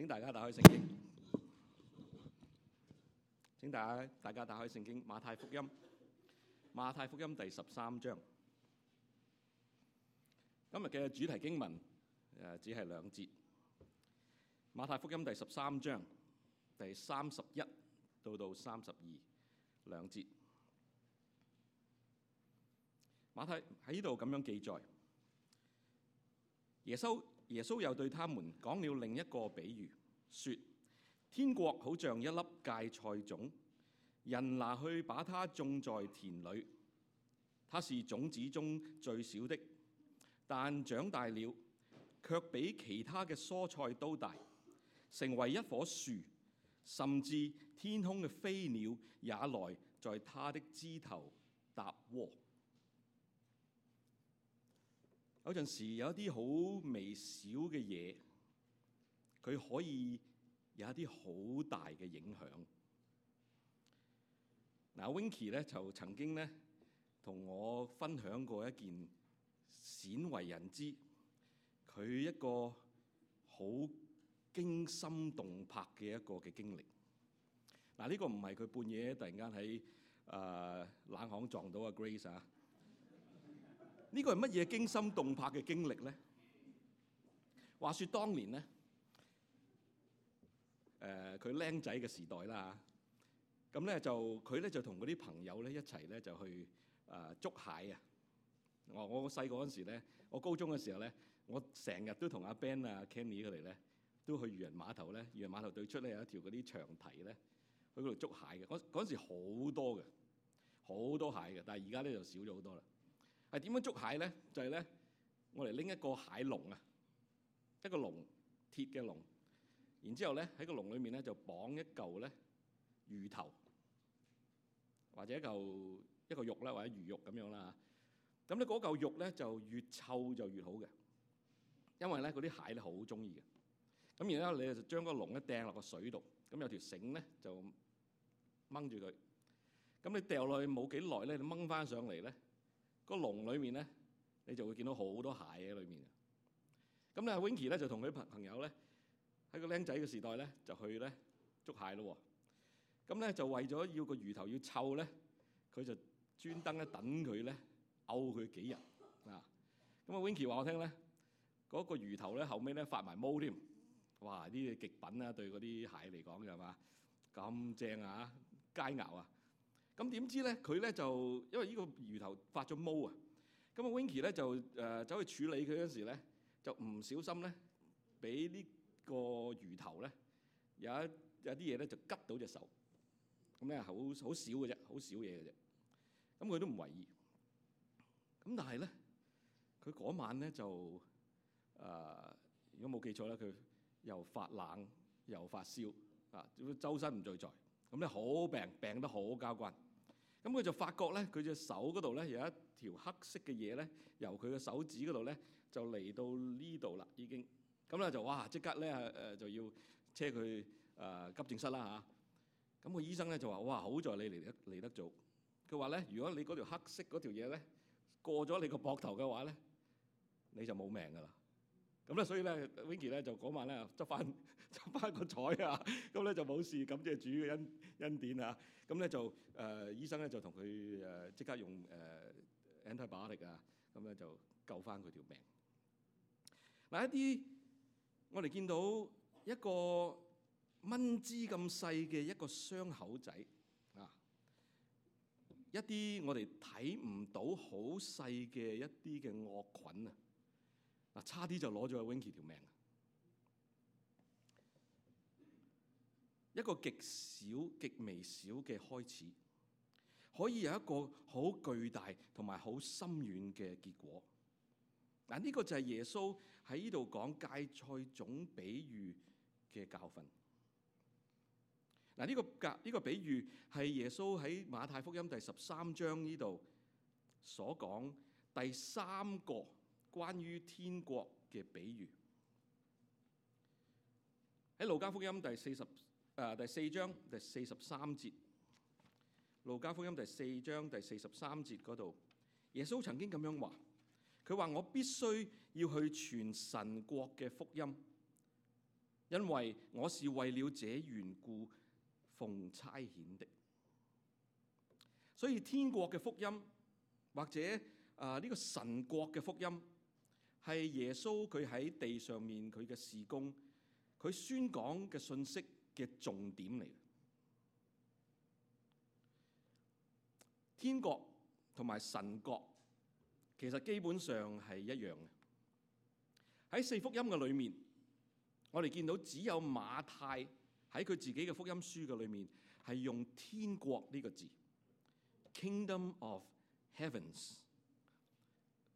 請大家打開聖經，請大家大家打開聖經《馬太福音》，《馬太福音》第十三章。今日嘅主題經文誒，只係兩節，《馬太福音》第十三章第三十一到到三十二兩節。馬太喺呢度咁樣記載，耶穌。耶穌又對他們講了另一個比喻，說：天國好像一粒芥菜種，人拿去把它種在田裏，它是種子中最小的，但長大了卻比其他嘅蔬菜都大，成為一棵樹，甚至天空嘅飛鳥也來在它的枝頭搭窩。嗰陣時有一啲好微小嘅嘢，佢可以有一啲好大嘅影響。嗱，Winky 咧就曾經咧同我分享過一件鮮為人知，佢一個好驚心動魄嘅一個嘅經歷。嗱，呢個唔係佢半夜突然間喺誒、呃、冷巷撞到阿 Grace 啊！呢個係乜嘢驚心動魄嘅經歷咧？話説當年咧，誒佢僆仔嘅時代啦，咁咧就佢咧就同嗰啲朋友咧一齊咧就去誒捉蟹啊！我我細個嗰陣時咧，我高中嘅時候咧，我成日都同阿 Ben 啊、Kenny 佢哋咧都去漁人碼頭咧，漁人碼頭對出咧有一條嗰啲長堤咧，去嗰度捉蟹嘅。嗰嗰陣時好多嘅，好多蟹嘅，但係而家咧就少咗好多啦。係點樣捉蟹咧？就係咧，我嚟拎一個蟹籠啊，一個籠，鐵嘅籠，然之後咧喺個籠裏面咧就綁一嚿咧魚頭，或者一嚿一個肉啦，或者魚肉咁樣啦。咁咧嗰嚿肉咧就越臭就越好嘅，因為咧嗰啲蟹咧好中意嘅。咁然之後你就將個籠咧掟落個水度，咁有條繩咧就掹住佢。咁你掉落去冇幾耐咧，你掹翻上嚟咧。個籠裏面咧，你就會見到好多蟹喺裏面嘅。咁咧，Winky 咧就同佢朋朋友咧，喺個僆仔嘅時代咧，就去咧捉蟹咯。咁咧就為咗要個魚頭要臭咧，佢就專登咧等佢咧，嘔佢幾日啊。咁啊，Winky 話我聽咧，嗰個魚頭咧後尾咧發埋毛添，哇！呢啲極品啦，對嗰啲蟹嚟講嘅係嘛，咁正啊，佳餚啊！咁點知咧？佢咧就因為呢個魚頭發咗毛啊！咁啊，Winky 咧就誒走、呃、去處理佢嗰時咧，就唔小心咧，俾呢個魚頭咧有一有啲嘢咧就吉到隻手。咁咧好好少嘅啫，好少嘢嘅啫。咁佢都唔為意。咁但係咧，佢嗰晚咧就誒、呃，如果冇記錯咧，佢又發冷又發燒啊，周身唔聚在。咁咧好病，病得好交關。咁佢就發覺咧，佢隻手嗰度咧有一條黑色嘅嘢咧，由佢嘅手指嗰度咧就嚟到呢度啦已經。咁咧就哇即刻咧誒就要車佢誒急症室啦嚇。咁個醫生咧就話：哇好在你嚟得嚟得早。佢話咧，如果你嗰條黑色嗰條嘢咧過咗你個膊頭嘅話咧，你就冇命㗎啦。咁咧，所以咧，Vicky 咧就嗰晚咧執翻執翻個彩啊，咁咧就冇事，咁即係主嘅恩恩典啊，咁咧就誒、呃、醫生咧就同佢誒即刻用誒 antibiotic 啊，咁、呃、咧就救翻佢條命。嗱，一啲我哋見到一個蚊滋咁細嘅一個傷口仔啊，一啲我哋睇唔到好細嘅一啲嘅惡菌啊。差啲就攞咗阿 Winky 條命，一個極小極微小嘅開始，可以有一個好巨大同埋好深遠嘅結果。嗱，呢個就係耶穌喺呢度講芥菜種比喻嘅教訓，這個。嗱，呢個芥呢個比喻係耶穌喺馬太福音第十三章呢度所講第三個。關於天國嘅比喻，喺路加福音第四十誒、呃、第四章第四十三節，路加福音第四章第四十三節嗰度，耶穌曾經咁樣話：佢話，我必須要去傳神國嘅福音，因為我是為了這緣故奉差遣的。所以天國嘅福音或者啊呢、呃呢個神國嘅福音。係耶穌佢喺地上面佢嘅事工，佢宣講嘅信息嘅重點嚟嘅。天國同埋神國其實基本上係一樣嘅。喺四福音嘅裏面，我哋見到只有馬太喺佢自己嘅福音書嘅裏面係用天國呢個字 （Kingdom of Heavens）。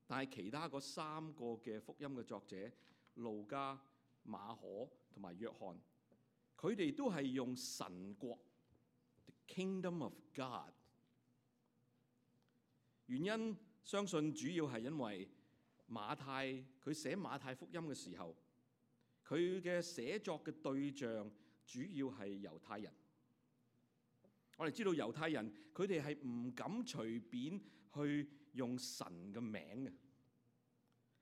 但係其他嗰三個嘅福音嘅作者路家、馬可同埋約翰，佢哋都係用神國 t kingdom of God）。原因相信主要係因為馬太佢寫馬太福音嘅時候，佢嘅寫作嘅對象主要係猶太人。我哋知道猶太人佢哋係唔敢隨便去。用神嘅名嘅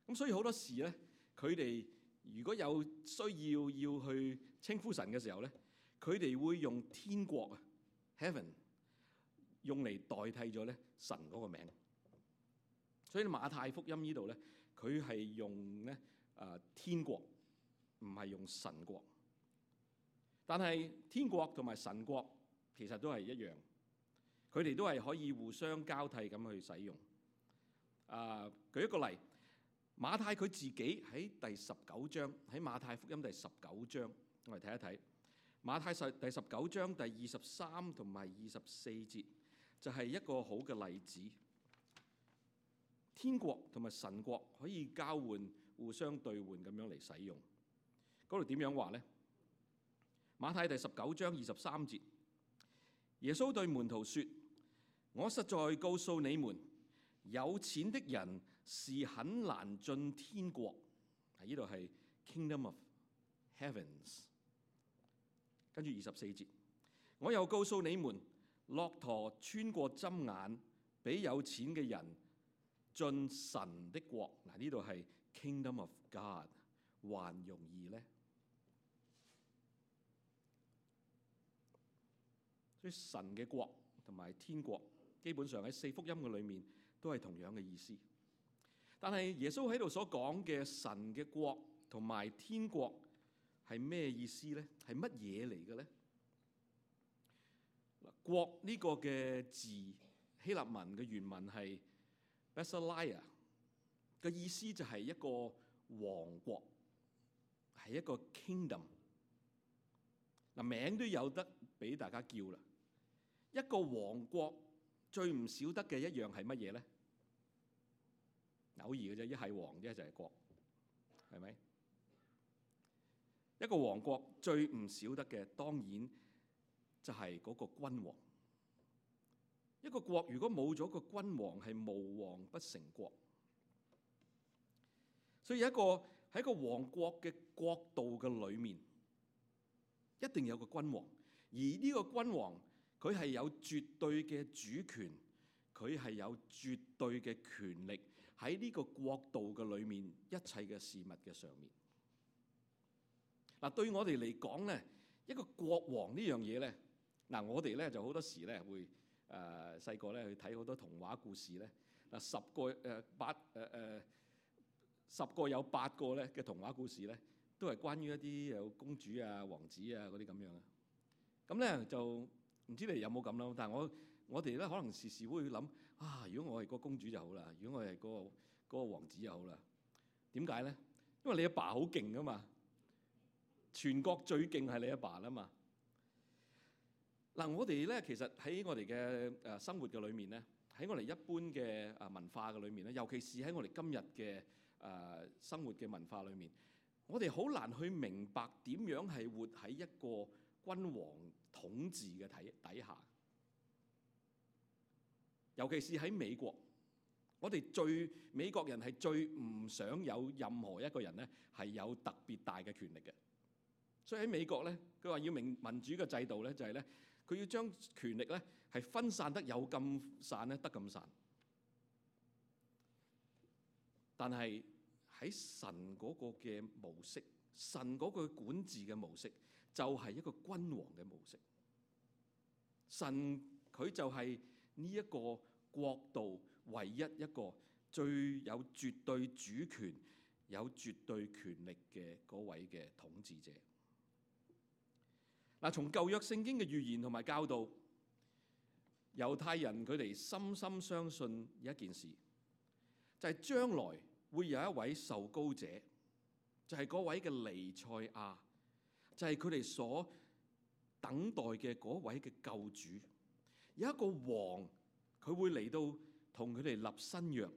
咁，所以好多時咧，佢哋如果有需要要去稱呼神嘅時候咧，佢哋會用天國啊 （heaven） 用嚟代替咗咧神嗰個名。所以馬太福音呢度咧，佢係用咧啊天國，唔係用神國。但係天國同埋神國其實都係一樣，佢哋都係可以互相交替咁去使用。啊，舉一個例，馬太佢自己喺第十九章，喺馬太福音第十九章，我哋睇一睇。馬太十第十九章第二十三同埋二十四節，就係一個好嘅例子。天國同埋神國可以交換、互相對換咁樣嚟使用。嗰度點樣話呢？馬太第十九章二十三節，耶穌對門徒説：我實在告訴你們。有錢的人是很難進天國。啊，呢度係 Kingdom of Heavens。跟住二十四節，我又告訴你們，駱駝穿過針眼，比有錢嘅人進神的國。嗱，呢度係 Kingdom of God，還容易呢。所以神嘅國同埋天國，基本上喺四福音嘅裏面。都係同樣嘅意思，但係耶穌喺度所講嘅神嘅國同埋天國係咩意思咧？係乜嘢嚟嘅咧？國呢個嘅字希臘文嘅原文係 basilia，嘅意思就係一個王國，係一個 kingdom。嗱，名字都有得俾大家叫啦，一個王國最唔少得嘅一樣係乜嘢咧？友誼嘅啫，一係王，一就係國，係咪？一個王國最唔少得嘅，當然就係嗰個君王。一個國如果冇咗個君王，係無王不成國。所以一個喺一個王國嘅國度嘅裏面，一定有個君王，而呢個君王佢係有絕對嘅主權。佢係有絕對嘅權力喺呢個國度嘅裏面，一切嘅事物嘅上面。嗱，對我哋嚟講咧，一個國王呢樣嘢咧，嗱，我哋咧就好多時咧會誒細個咧去睇好多童話故事咧。嗱十個誒八誒誒、啊、十個有八個咧嘅童話故事咧，都係關於一啲有公主啊、王子啊嗰啲咁樣啊。咁咧就唔知你有冇咁囉，但係我。我哋咧可能時時會諗啊！如果我係個公主就好啦，如果我係個嗰王子就好啦。點解咧？因為你阿爸好勁吖嘛，全國最勁係你阿爸吖嘛。嗱，我哋咧其實喺我哋嘅誒生活嘅裏面咧，喺我哋一般嘅啊文化嘅裏面咧，尤其是喺我哋今日嘅誒生活嘅文化裏面，我哋好難去明白點樣係活喺一個君王統治嘅底底下。尤其是喺美國，我哋最美國人係最唔想有任何一個人咧係有特別大嘅權力嘅。所以喺美國咧，佢話要明民主嘅制度咧就係咧，佢要將權力咧係分散得有咁散咧得咁散。但係喺神嗰個嘅模式，神嗰個管治嘅模式就係一個君王嘅模式。神佢就係。呢一個國度唯一一個最有絕對主權、有絕對權力嘅嗰位嘅統治者。嗱，從舊約聖經嘅預言同埋教導，猶太人佢哋深深相信一件事，就係、是、將來會有一位受膏者，就係、是、嗰位嘅彌賽亞，就係佢哋所等待嘅嗰位嘅救主。有一個王，佢會嚟到同佢哋立新約，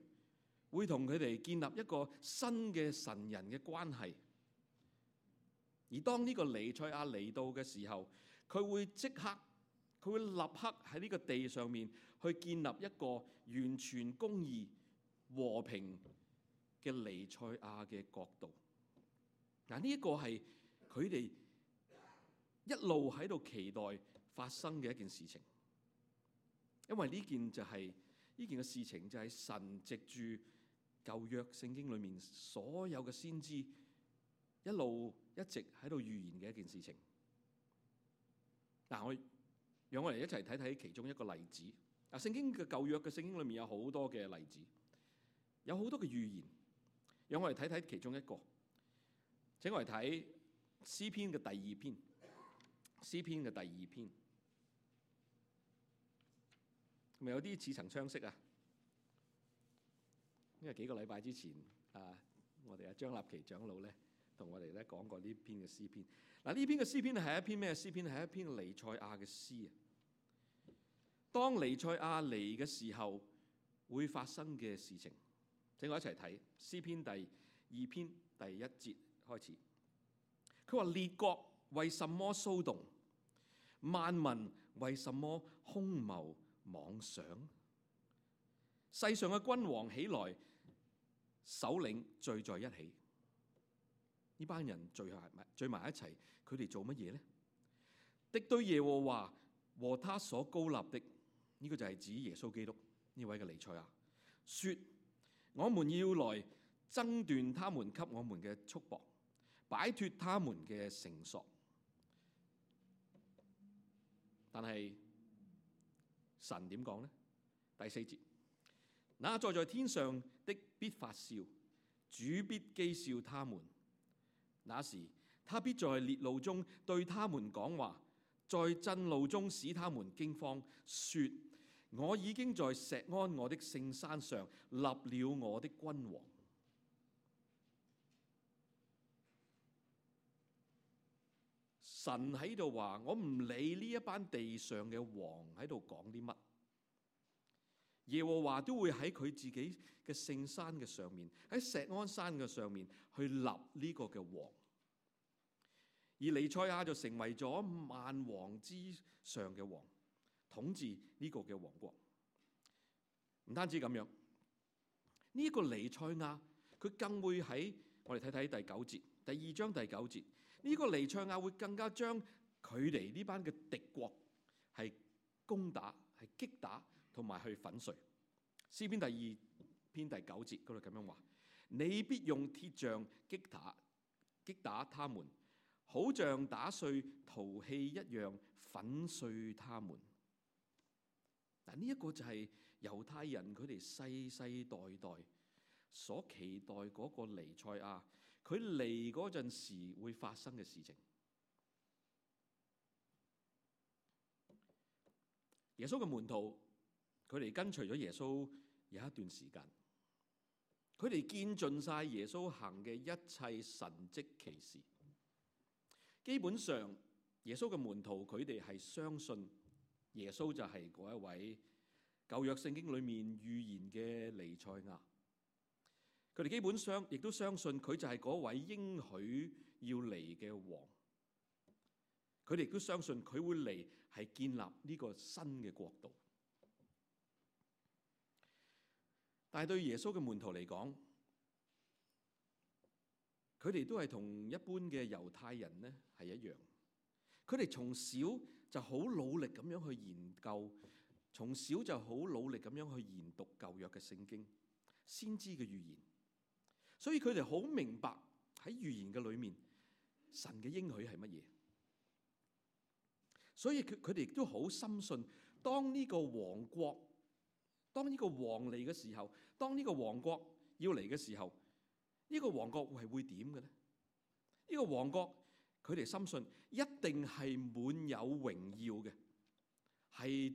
會同佢哋建立一個新嘅神人嘅關係。而當呢個彌賽亞嚟到嘅時候，佢會即刻，佢會立刻喺呢個地上面去建立一個完全公義、和平嘅彌賽亞嘅國度。嗱，呢一個係佢哋一路喺度期待發生嘅一件事情。因為呢件就係、是、呢件嘅事情，就係神藉住舊約聖經裏面所有嘅先知一路一直喺度預言嘅一件事情。嗱，我讓我哋一齊睇睇其中一個例子。嗱，聖經嘅舊約嘅聖經裏面有好多嘅例子，有好多嘅預言，讓我哋睇睇其中一個。請我嚟睇詩篇嘅第二篇，詩篇嘅第二篇。係咪有啲似曾相識啊！因為幾個禮拜之前啊，我哋阿張立奇長老咧同我哋咧講過呢篇嘅詩篇。嗱，呢篇嘅詩篇係一篇咩詩篇？係一篇尼塞亞嘅詩。當尼塞亞嚟嘅時候會發生嘅事情，請我一齊睇詩篇第二篇第一節開始。佢話列國為什麼騷動？萬民為什麼兇謀？妄想，世上嘅君王起來，首領聚在一起，呢班人聚下聚埋一齊，佢哋做乜嘢呢？敵對耶和華和他所高立的，呢、這個就係指耶穌基督呢位嘅彌賽亞，說：我們要來掙斷他們給我們嘅束縛，擺脱他們嘅繩索。」但係，神點講呢？第四節，那坐在天上的必發笑，主必譏笑他們。那時他必在烈怒中對他們講話，在震怒中使他們驚慌，說：我已經在錫安我的聖山上立了我的君王。神喺度話：我唔理呢一班地上嘅王喺度講啲乜，耶和華都會喺佢自己嘅聖山嘅上面，喺錫安山嘅上面去立呢個嘅王。而彌賽亞就成為咗萬王之上嘅王，統治呢個嘅王國。唔單止咁樣，呢、這個彌賽亞佢更會喺我哋睇睇第九節、第二章、第九節。呢個尼賽亞會更加將佢哋呢班嘅敵國係攻打、係擊打同埋去粉碎。詩篇第二篇第九節嗰度咁樣話：你必用鐵杖擊打、擊打他們，好像打碎陶器一樣，粉碎他們。嗱，呢一個就係猶太人佢哋世世代代所期待嗰個尼賽亞。佢嚟嗰陣時會發生嘅事情，耶穌嘅門徒，佢哋跟隨咗耶穌有一段時間，佢哋見盡晒耶穌行嘅一切神蹟奇事。基本上，耶穌嘅門徒佢哋係相信耶穌就係嗰一位舊約聖經裡面預言嘅彌賽亞。佢哋基本上亦都相信佢就係嗰位應許要嚟嘅王。佢哋亦都相信佢會嚟係建立呢個新嘅國度。但係對耶穌嘅門徒嚟講，佢哋都係同一般嘅猶太人呢係一樣。佢哋從小就好努力咁樣去研究，從小就好努力咁樣去研讀舊約嘅聖經，先知嘅預言。所以佢哋好明白喺預言嘅裏面，神嘅應許係乜嘢？所以佢佢哋亦都好深信，當呢個王國，當呢個王嚟嘅時候，當呢個王國要嚟嘅時候，呢個王國係會點嘅呢？呢個王國佢哋深信一定係滿有榮耀嘅，係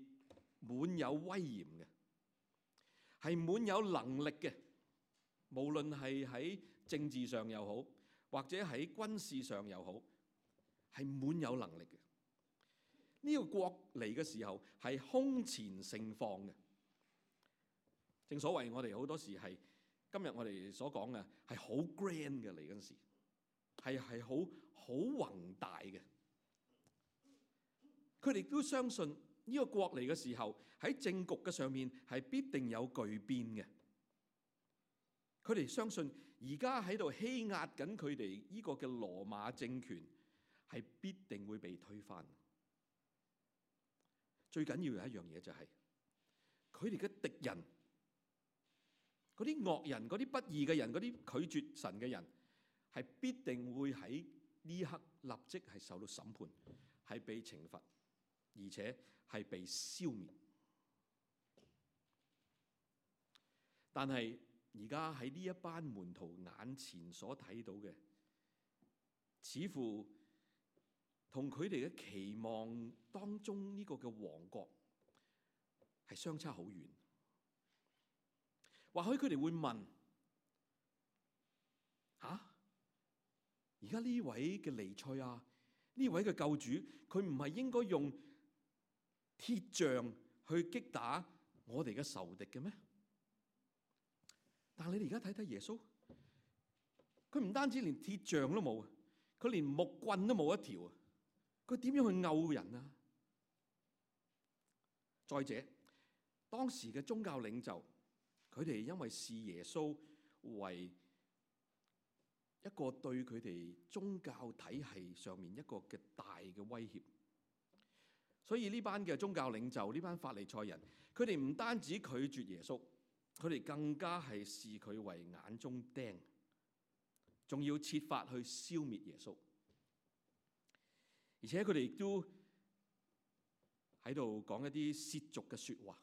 滿有威嚴嘅，係滿有能力嘅。無論係喺政治上又好，或者喺軍事上又好，係滿有能力嘅。呢個國嚟嘅時候係空前盛況嘅。正所謂我哋好多時係今日我哋所講嘅係好 grand 嘅，嚟嗰陣時，係係好好宏大嘅。佢哋都相信呢個國嚟嘅時候喺政局嘅上面係必定有巨變嘅。佢哋相信而家喺度欺壓緊佢哋呢個嘅羅馬政權係必定會被推翻。最緊要有一樣嘢就係，佢哋嘅敵人，嗰啲惡人、嗰啲不義嘅人、嗰啲拒絕神嘅人，係必定會喺呢刻立即係受到審判，係被懲罰，而且係被消滅。但係。而家喺呢一班門徒眼前所睇到嘅，似乎同佢哋嘅期望當中呢個嘅王國係相差好遠。或許佢哋會問：嚇，而家呢位嘅彌賽亞啊，呢位嘅、啊、救主，佢唔係應該用鐵杖去擊打我哋嘅仇敵嘅咩？但係你哋而家睇睇耶穌，佢唔單止連鐵杖都冇，佢連木棍都冇一條啊！佢點樣去毆人啊？再者，當時嘅宗教領袖，佢哋因為視耶穌為一個對佢哋宗教體系上面一個嘅大嘅威脅，所以呢班嘅宗教領袖呢班法利賽人，佢哋唔單止拒絕耶穌。佢哋更加係視佢為眼中釘，仲要設法去消滅耶穌。而且佢哋亦都喺度講一啲褻瀆嘅説話。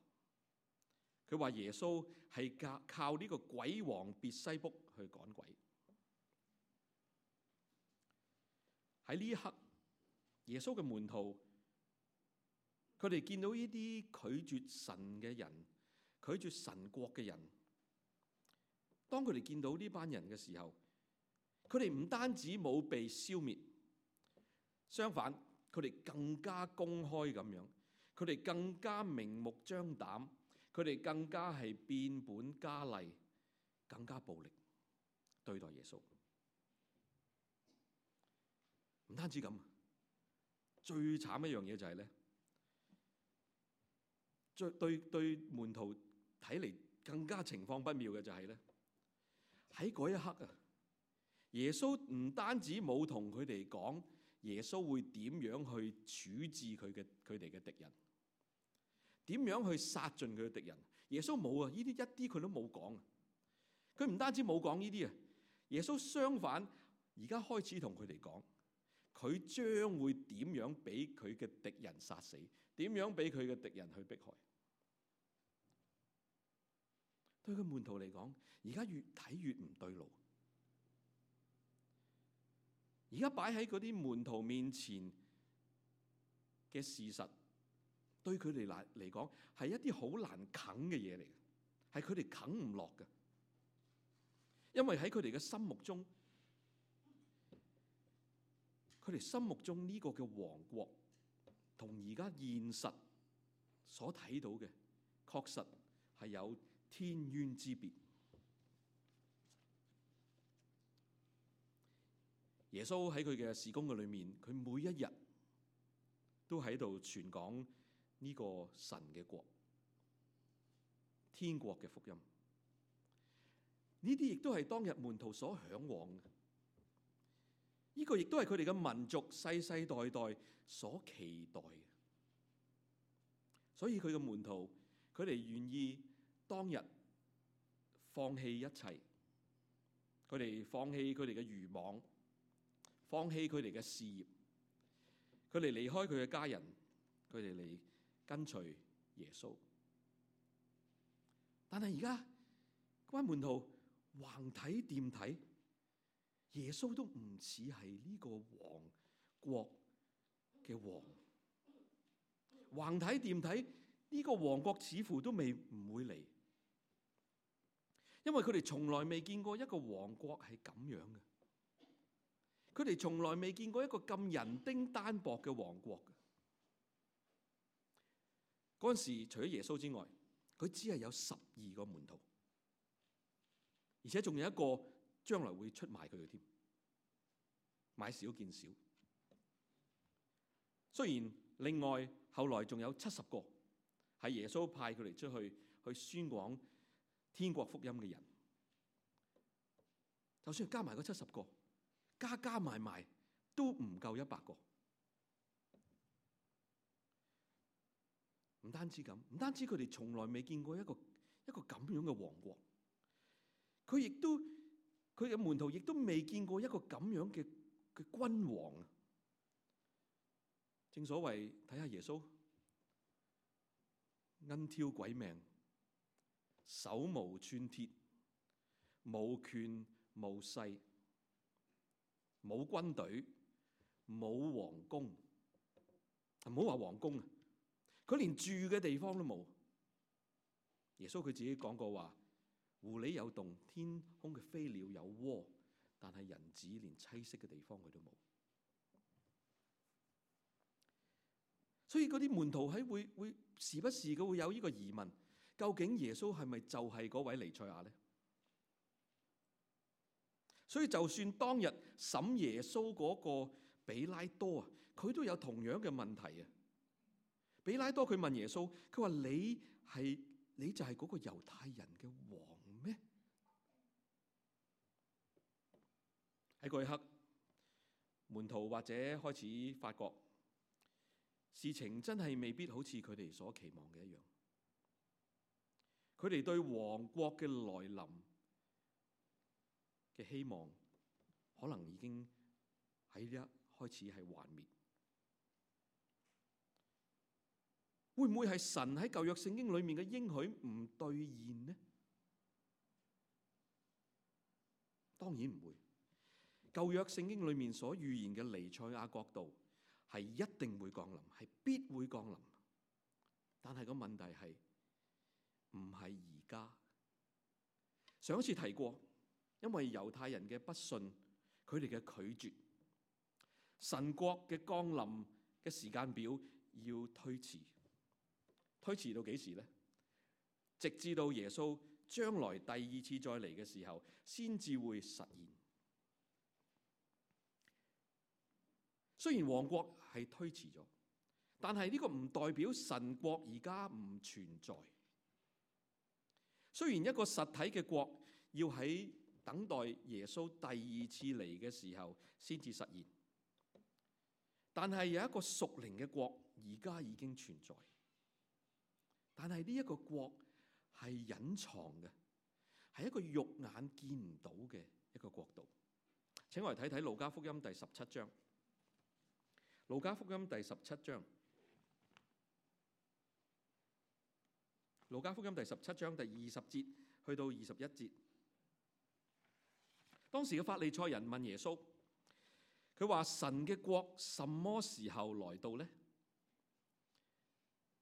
佢話耶穌係靠呢個鬼王別西卜去趕鬼。喺呢一刻，耶穌嘅門徒，佢哋見到呢啲拒絕神嘅人。拒絕神國嘅人，當佢哋見到呢班人嘅時候，佢哋唔單止冇被消滅，相反佢哋更加公開咁樣，佢哋更加明目張膽，佢哋更加係變本加厲，更加暴力對待耶穌。唔單止咁，最慘一樣嘢就係咧，對對門徒。睇嚟更加情況不妙嘅就係咧，喺嗰一刻啊，耶穌唔單止冇同佢哋講，耶穌會點樣去處置佢嘅佢哋嘅敵人，點樣去殺盡佢嘅敵人？耶穌冇啊，呢啲一啲佢都冇講啊。佢唔單止冇講呢啲啊，耶穌相反而家開始同佢哋講，佢將會點樣俾佢嘅敵人殺死，點樣俾佢嘅敵人去逼害。對佢門徒嚟講，而家越睇越唔對路。而家擺喺嗰啲門徒面前嘅事實，對佢哋嚟嚟講係一啲好難啃嘅嘢，嚟係佢哋啃唔落嘅。因為喺佢哋嘅心目中，佢哋心目中呢個嘅王國，同而家現實所睇到嘅，確實係有。天淵之別，耶穌喺佢嘅事工嘅裏面，佢每一日都喺度傳講呢個神嘅國、天國嘅福音。呢啲亦都係當日門徒所向往嘅，呢個亦都係佢哋嘅民族世世代代所期待嘅。所以佢嘅門徒，佢哋願意。當日放棄一切，佢哋放棄佢哋嘅漁網，放棄佢哋嘅事業，佢哋離開佢嘅家人，佢哋嚟跟隨耶穌。但係而家關門徒，橫睇掂睇，耶穌都唔似係呢個王國嘅王。橫睇掂睇，呢個王國似乎都未唔會嚟。因為佢哋從來未見過一個王國係咁樣嘅，佢哋從來未見過一個咁人丁單薄嘅王國。嗰時除咗耶穌之外，佢只係有十二個門徒，而且仲有一個將來會出賣佢嘅添，買少見少。雖然另外後來仲有七十個係耶穌派佢哋出去去宣講天國福音嘅人，就算加埋嗰七十個，加加埋埋都唔夠一百個。唔單止咁，唔單止佢哋從來未見過一個一個咁樣嘅王國，佢亦都佢嘅門徒亦都未見過一個咁樣嘅嘅君王。正所謂，睇下耶穌，恩挑鬼命。手無寸鐵，冇權冇勢，冇軍隊，冇王宮，唔好話王宮啊！佢連住嘅地方都冇。耶穌佢自己講過話：狐狸有洞，天空嘅飛鳥有窩，但係人子連棲息嘅地方佢都冇。所以嗰啲門徒喺會會時不時嘅會有呢個疑問。究竟耶穌係咪就係嗰位彌賽亞呢？所以就算當日審耶穌嗰個比拉多啊，佢都有同樣嘅問題啊。比拉多佢問耶穌，佢話你係，你就係嗰個猶太人嘅王咩？喺嗰一刻，門徒或者開始發覺，事情真係未必好似佢哋所期望嘅一樣。佢哋對王國嘅來臨嘅希望，可能已經喺呢一開始係幻滅。會唔會係神喺舊約聖經裏面嘅應許唔兌現呢？當然唔會。舊約聖經裏面所預言嘅彌賽亞國度係一定會降臨，係必會降臨。但係個問題係。唔係而家上一次提過，因為猶太人嘅不信，佢哋嘅拒絕，神國嘅降臨嘅時間表要推遲。推遲到幾時呢？直至到耶穌將來第二次再嚟嘅時候，先至會實現。雖然王國係推遲咗，但係呢個唔代表神國而家唔存在。雖然一個實體嘅國要喺等待耶穌第二次嚟嘅時候先至實現，但係有一個屬靈嘅國而家已經存在，但係呢一個國係隱藏嘅，係一個肉眼見唔到嘅一個國度。請我哋睇睇路加福音第十七章。路加福音第十七章。路加福音第十七章第二十節去到二十一節，當時嘅法利賽人問耶穌，佢話神嘅國什麼時候來到呢？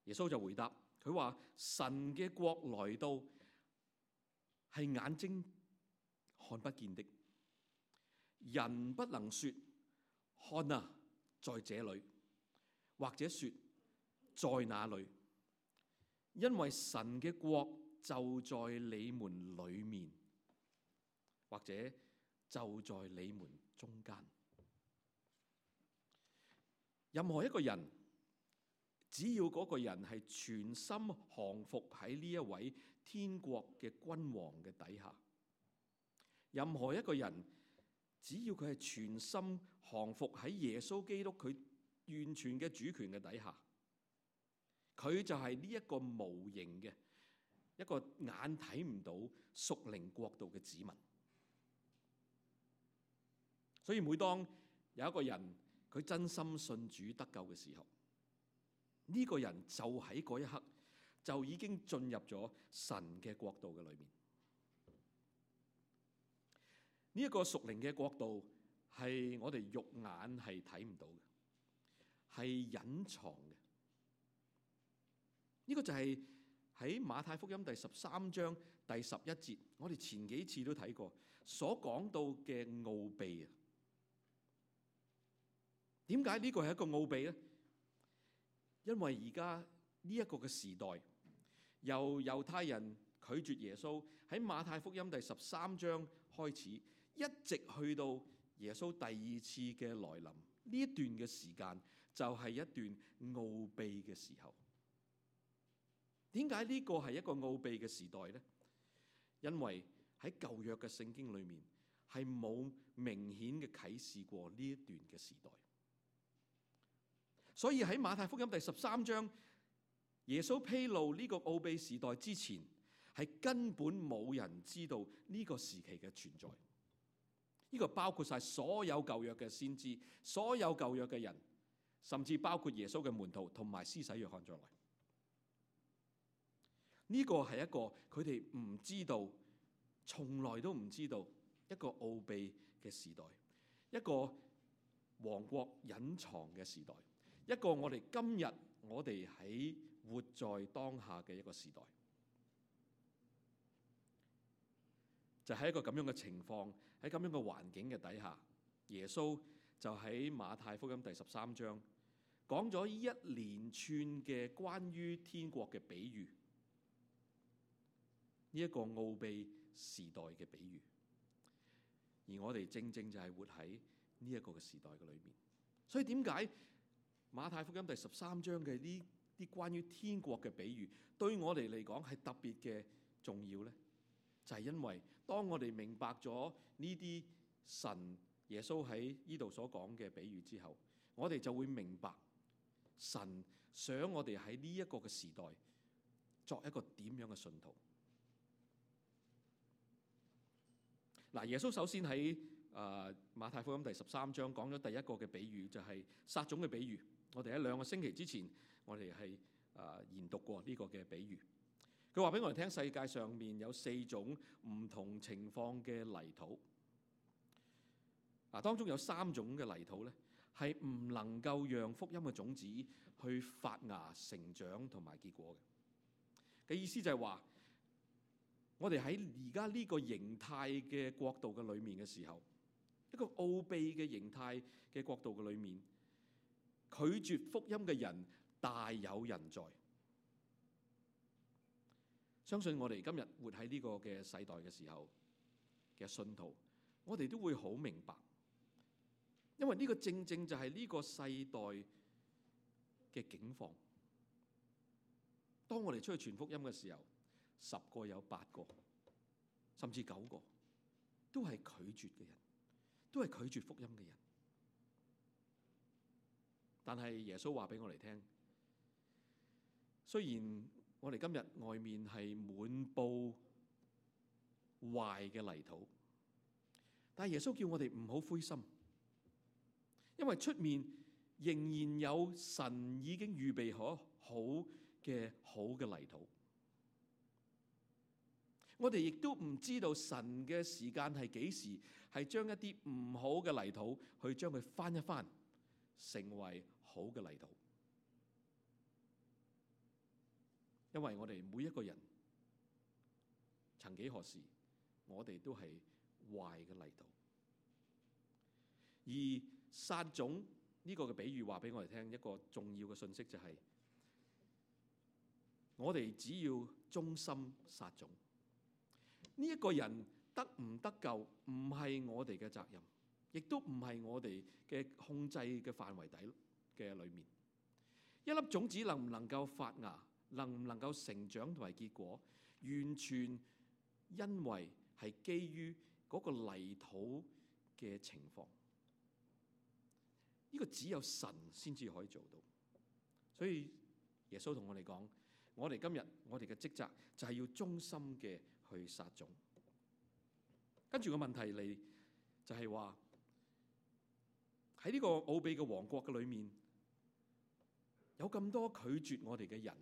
耶穌就回答佢話神嘅國來到係眼睛看不見的，人不能説看啊，在這裡，或者説在哪裏。因為神嘅國就在你們裏面，或者就在你們中間。任何一個人，只要嗰個人係全心降服喺呢一位天國嘅君王嘅底下；任何一個人，只要佢係全心降服喺耶穌基督佢完全嘅主權嘅底下。佢就係呢一個無形嘅一個眼睇唔到屬靈國度嘅子民。所以每當有一個人佢真心信主得救嘅時候，呢、這個人就喺嗰一刻就已經進入咗神嘅國度嘅裏面。呢、這、一個屬靈嘅國度係我哋肉眼係睇唔到嘅，係隱藏嘅。呢個就係喺馬太福音第十三章第十一節，我哋前幾次都睇過所講到嘅奧秘。啊。點解呢個係一個奧秘呢？因為而家呢一個嘅時代，由猶太人拒絕耶穌喺馬太福音第十三章開始，一直去到耶穌第二次嘅來臨，呢一段嘅時間就係一段奧秘嘅時候。點解呢個係一個奧秘嘅時代呢？因為喺舊約嘅聖經裏面係冇明顯嘅啟示過呢一段嘅時代。所以喺馬太福音第十三章，耶穌披露呢個奧秘時代之前，係根本冇人知道呢個時期嘅存在。呢個包括晒所有舊約嘅先知、所有舊約嘅人，甚至包括耶穌嘅門徒同埋施洗約翰在內，呢個係一個佢哋唔知道，從來都唔知道，一個奧秘嘅時代，一個王國隱藏嘅時代，一個我哋今日我哋喺活在當下嘅一個時代，就喺一個咁樣嘅情況，喺咁樣嘅環境嘅底下，耶穌就喺馬太福音第十三章講咗一連串嘅關於天國嘅比喻。呢一個奧秘時代嘅比喻，而我哋正正就係活喺呢一個嘅時代嘅裏面，所以點解馬太福音第十三章嘅呢啲關於天國嘅比喻，對我哋嚟講係特別嘅重要咧？就係因為當我哋明白咗呢啲神耶穌喺呢度所講嘅比喻之後，我哋就會明白神想我哋喺呢一個嘅時代作一個點樣嘅信徒。嗱，耶穌首先喺啊馬太福音第十三章講咗第一個嘅比喻，就係撒種嘅比喻。我哋喺兩個星期之前，我哋係啊研讀過呢個嘅比喻。佢話俾我哋聽，世界上面有四種唔同情況嘅泥土。啊，當中有三種嘅泥土咧，係唔能夠讓福音嘅種子去發芽成長同埋結果嘅。嘅意思就係話。我哋喺而家呢個形態嘅國度嘅裏面嘅時候，一個奧秘嘅形態嘅國度嘅裏面，拒絕福音嘅人大有人在。相信我哋今日活喺呢個嘅世代嘅時候，嘅信徒，我哋都會好明白，因為呢個正正就係呢個世代嘅境況。當我哋出去傳福音嘅時候，十個有八個，甚至九個，都係拒絕嘅人，都係拒絕福音嘅人。但係耶穌話俾我哋聽，雖然我哋今日外面係滿布壞嘅泥土，但係耶穌叫我哋唔好灰心，因為出面仍然有神已經預備好好嘅好嘅泥土。我哋亦都唔知道神嘅時間係幾時，係將一啲唔好嘅泥土去將佢翻一翻，成為好嘅泥土。因為我哋每一個人曾幾何時，我哋都係壞嘅泥土。而撒種呢個嘅比喻話俾我哋聽一個重要嘅信息，就係，就係我哋只要忠心撒種。呢一個人得唔得救，唔係我哋嘅責任，亦都唔係我哋嘅控制嘅範圍底嘅裏面。一粒種子能唔能夠發芽，能唔能夠成長同埋結果，完全因為係基於嗰個泥土嘅情況。呢個只有神先至可以做到。所以耶穌同我哋講，我哋今日我哋嘅職責就係要忠心嘅。去撒種，跟住個問題嚟就係話喺呢個奧秘嘅王國嘅裏面，有咁多拒絕我哋嘅人，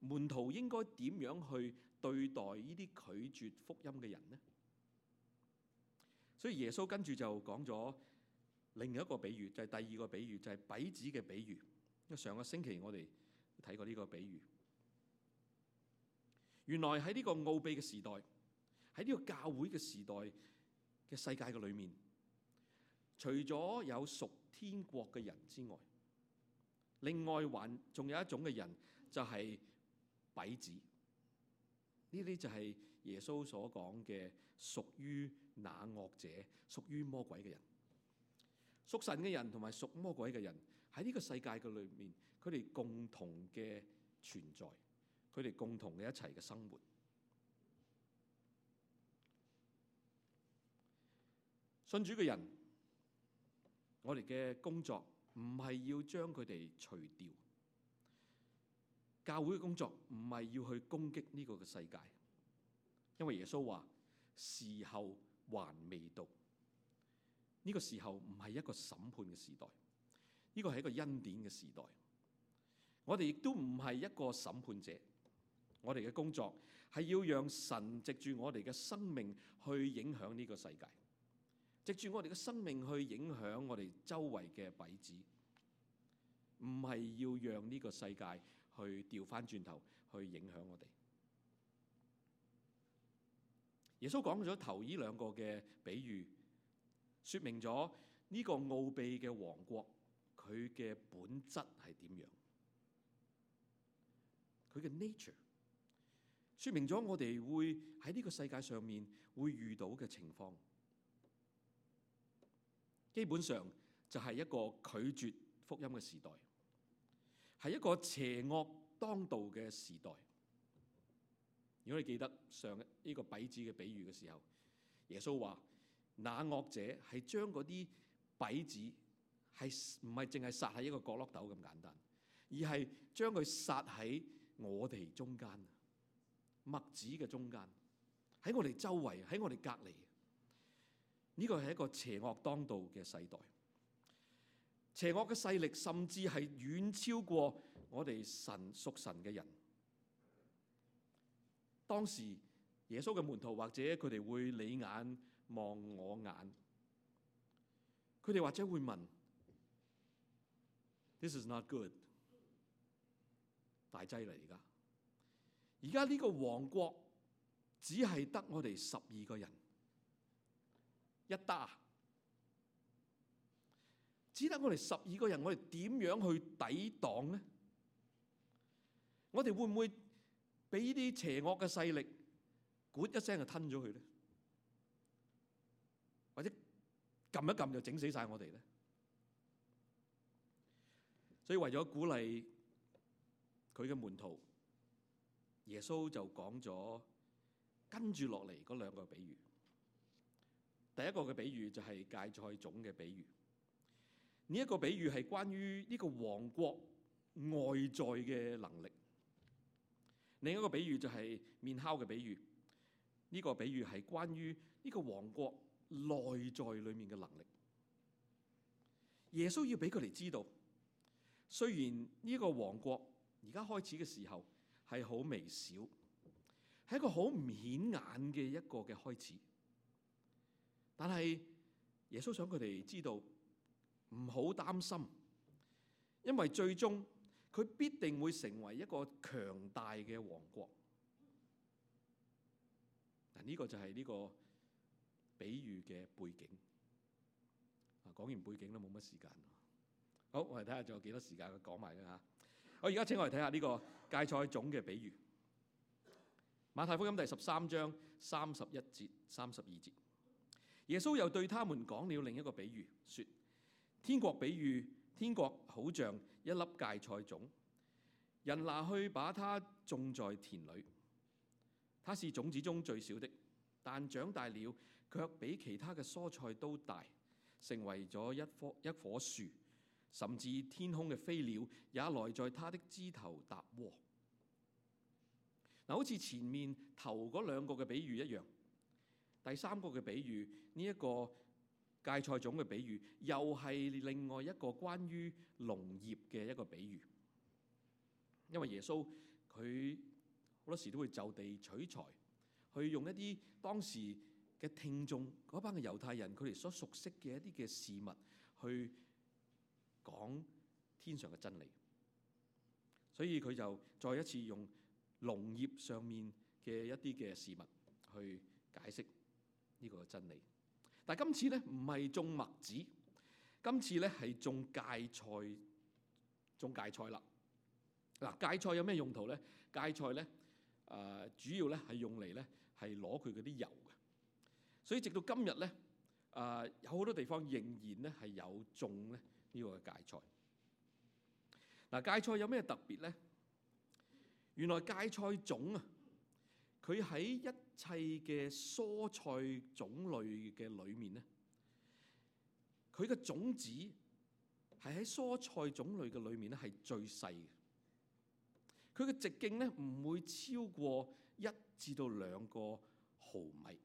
門徒應該點樣去對待呢啲拒絕福音嘅人呢？所以耶穌跟住就講咗另一個比喻，就係第二個比喻，就係稗子嘅比喻。因為上個星期我哋睇過呢個比喻。原來喺呢個奧秘嘅時代，喺呢個教會嘅時代嘅世界嘅裏面，除咗有屬天國嘅人之外，另外還仲有一種嘅人，人，就係稗子。呢啲就係耶穌所講嘅屬於那惡者、屬於魔鬼嘅人。屬神嘅人同埋屬魔鬼嘅人喺呢個世界嘅裏面，佢哋共同嘅存在。佢哋共同嘅一齊嘅生活，信主嘅人，我哋嘅工作唔係要將佢哋除掉，教會嘅工作唔係要去攻擊呢個嘅世界，因為耶穌話：時候還未到，呢個時候唔係一個審判嘅時代，呢個係一個恩典嘅時代，我哋亦都唔係一個審判者。我哋嘅工作係要讓神藉住我哋嘅生命去影響呢個世界，藉住我哋嘅生命去影響我哋周圍嘅彼此，唔係要讓呢個世界去調返轉頭去影響我哋。耶穌講咗頭呢兩個嘅比喻，說明咗呢個奧秘嘅王國佢嘅本質係點樣，佢嘅 nature。説明咗我哋會喺呢個世界上面會遇到嘅情況，基本上就係一個拒絕福音嘅時代，係一個邪惡當道嘅時代。如果你記得上一個稗子嘅比喻嘅時候，耶穌話那惡者係將嗰啲稗子係唔係淨係撒喺一個角落竇咁簡單，而係將佢撒喺我哋中間。墨子嘅中間，喺我哋周圍，喺我哋隔籬，呢個係一個邪惡當道嘅世代。邪惡嘅勢力甚至係遠超過我哋神屬神嘅人。當時耶穌嘅門徒或者佢哋會你眼望我眼，佢哋或者會問：This is not good，大劑嚟㗎而家呢個王國只係得我哋十二個人一打，只得我哋十二個人，我哋點樣去抵擋呢？我哋會唔會俾啲邪惡嘅勢力咕一聲就吞咗佢呢？或者撳一撳就整死晒我哋呢？所以為咗鼓勵佢嘅門徒。耶穌就講咗跟住落嚟嗰兩個比喻，第一個嘅比喻就係芥菜種嘅比喻，呢一個比喻係關於呢個王國外在嘅能力；另一個比喻就係麵酵嘅比喻，呢個比喻係關於呢個王國內在裏面嘅能力。耶穌要俾佢哋知道，雖然呢個王國而家開始嘅時候。係好微小，係一個好唔顯眼嘅一個嘅開始。但係耶穌想佢哋知道，唔好擔心，因為最終佢必定會成為一個強大嘅王國。嗱，呢個就係呢個比喻嘅背景。啊，講完背景都冇乜時間，好，我哋睇下仲有幾多時間，講埋啦吓。我而家請我嚟睇下呢個芥菜種嘅比喻。馬太福音第十三章三十一節、三十二節，耶穌又對他們講了另一個比喻，說：天國比喻，天國好像一粒芥菜種，人拿去把它種在田裏，它是種子中最小的，但長大了卻比其他嘅蔬菜都大，成為咗一棵一棵樹。甚至天空嘅飛鳥也來在他的枝頭搭窩。嗱，好似前面頭嗰兩個嘅比喻一樣，第三個嘅比喻呢一個芥菜種嘅比喻，又係另外一個關於農業嘅一個比喻。因為耶穌佢好多時都會就地取材，去用一啲當時嘅聽眾嗰班嘅猶太人佢哋所熟悉嘅一啲嘅事物去講天上嘅真理，所以佢就再一次用農業上面嘅一啲嘅事物去解釋呢個真理。但係今次咧唔係種麥子，今次咧係種芥菜，種芥菜啦。嗱，芥菜有咩用途咧？芥菜咧，誒、呃、主要咧係用嚟咧係攞佢嗰啲油嘅。所以直到今日咧，誒、呃、有好多地方仍然咧係有種咧。呢個芥菜。嗱，芥菜有咩特別咧？原來芥菜種啊，佢喺一切嘅蔬菜種類嘅裏面咧，佢嘅種子係喺蔬菜種類嘅裏面咧係最細嘅。佢嘅直徑咧唔會超過一至到兩個毫米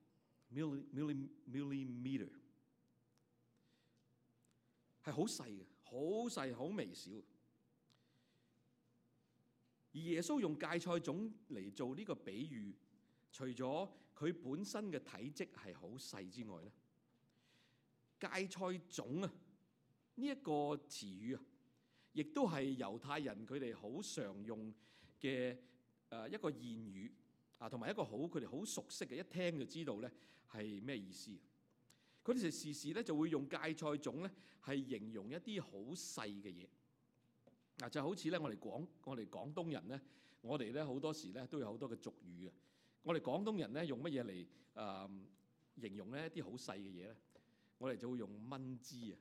，milli milli millimeter。Mm. Mm, mm, mm, mm. 係好細嘅，好細好微小。而耶穌用芥菜種嚟做呢個比喻，除咗佢本身嘅體積係好細之外咧，芥菜種啊呢一個詞語啊，亦都係猶太人佢哋好常用嘅誒一個言語啊，同埋一個好佢哋好熟悉嘅，一聽就知道咧係咩意思。嗰啲時時時咧就會用芥菜種咧，係形容一啲好細嘅嘢。嗱，就好似咧，我哋廣我哋廣東人咧，我哋咧好多時咧都有好多嘅俗語嘅。我哋廣東人咧用乜嘢嚟誒形容咧一啲好細嘅嘢咧？我哋就會用蚊枝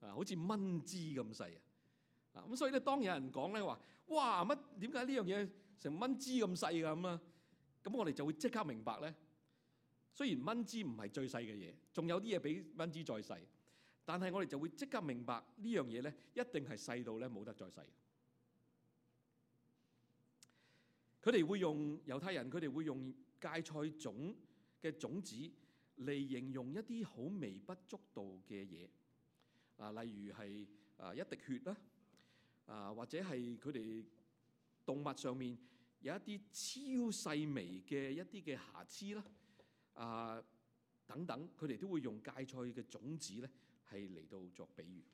啊，啊，好似蚊枝咁細啊。咁所以咧，當有人講咧話哇乜點解呢樣嘢成蚊枝咁細㗎咁啊？咁我哋就會即刻明白咧。雖然蚊枝唔係最細嘅嘢，仲有啲嘢比蚊枝再細，但係我哋就會即刻明白呢樣嘢咧，一定係細到咧冇得再細。佢哋會用猶太人，佢哋會用芥菜種嘅種子嚟形容一啲好微不足道嘅嘢，啊，例如係啊一滴血啦，啊或者係佢哋動物上面有一啲超細微嘅一啲嘅瑕疵啦。啊，等等，佢哋都會用芥菜嘅種子咧，係嚟到作比喻。